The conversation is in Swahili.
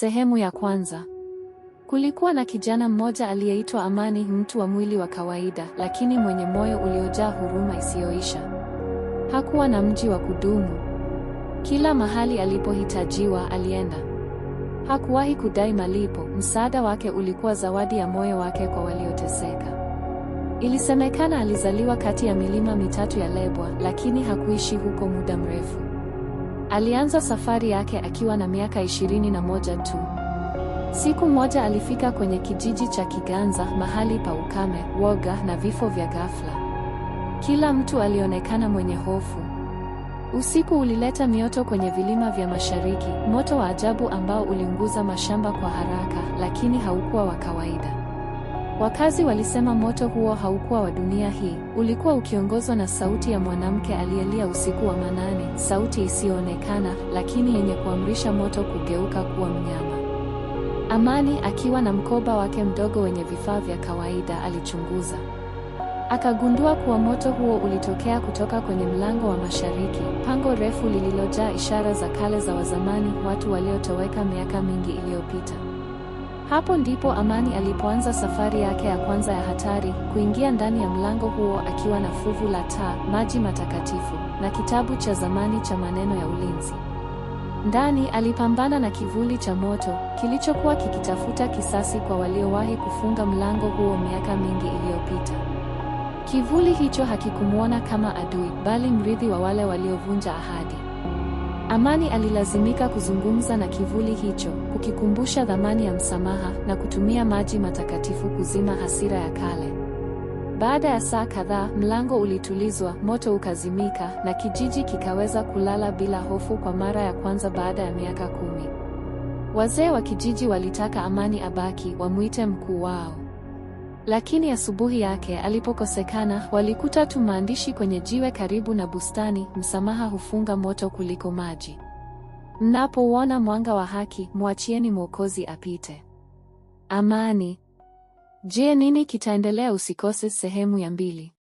Sehemu ya kwanza. Kulikuwa na kijana mmoja aliyeitwa Amani, mtu wa mwili wa kawaida, lakini mwenye moyo uliojaa huruma isiyoisha. Hakuwa na mji wa kudumu. Kila mahali alipohitajiwa alienda. Hakuwahi kudai malipo. Msaada wake ulikuwa zawadi ya moyo wake kwa walioteseka. Ilisemekana alizaliwa kati ya milima mitatu ya Lebwa, lakini hakuishi huko muda mrefu. Alianza safari yake akiwa na miaka ishirini na moja tu. Siku moja alifika kwenye kijiji cha Kiganza, mahali pa ukame, woga na vifo vya ghafla. Kila mtu alionekana mwenye hofu. Usiku ulileta mioto kwenye vilima vya mashariki, moto wa ajabu ambao uliunguza mashamba kwa haraka, lakini haukuwa wa kawaida. Wakazi walisema moto huo haukuwa wa dunia hii, ulikuwa ukiongozwa na sauti ya mwanamke aliyelia usiku wa manane, sauti isiyoonekana lakini yenye kuamrisha moto kugeuka kuwa mnyama. Amani akiwa na mkoba wake mdogo wenye vifaa vya kawaida alichunguza. Akagundua kuwa moto huo ulitokea kutoka kwenye mlango wa mashariki, pango refu lililojaa ishara za kale za wazamani, watu waliotoweka miaka mingi iliyopita. Hapo ndipo Amani alipoanza safari yake ya kwanza ya hatari, kuingia ndani ya mlango huo akiwa na fuvu la taa, maji matakatifu na kitabu cha zamani cha maneno ya ulinzi. Ndani alipambana na kivuli cha moto kilichokuwa kikitafuta kisasi kwa waliowahi kufunga mlango huo miaka mingi iliyopita. Kivuli hicho hakikumwona kama adui, bali mrithi wa wale waliovunja ahadi. Amani alilazimika kuzungumza na kivuli hicho, kukikumbusha dhamani ya msamaha na kutumia maji matakatifu kuzima hasira ya kale. Baada ya saa kadhaa, mlango ulitulizwa, moto ukazimika na kijiji kikaweza kulala bila hofu kwa mara ya kwanza baada ya miaka kumi. Wazee wa kijiji walitaka Amani abaki, wamwite mkuu wao. Lakini asubuhi yake alipokosekana, walikuta tu maandishi kwenye jiwe karibu na bustani: msamaha hufunga moto kuliko maji. Mnapouona mwanga wa haki, mwachieni Mwokozi apite. Amani. Je, nini kitaendelea? Usikose sehemu ya mbili.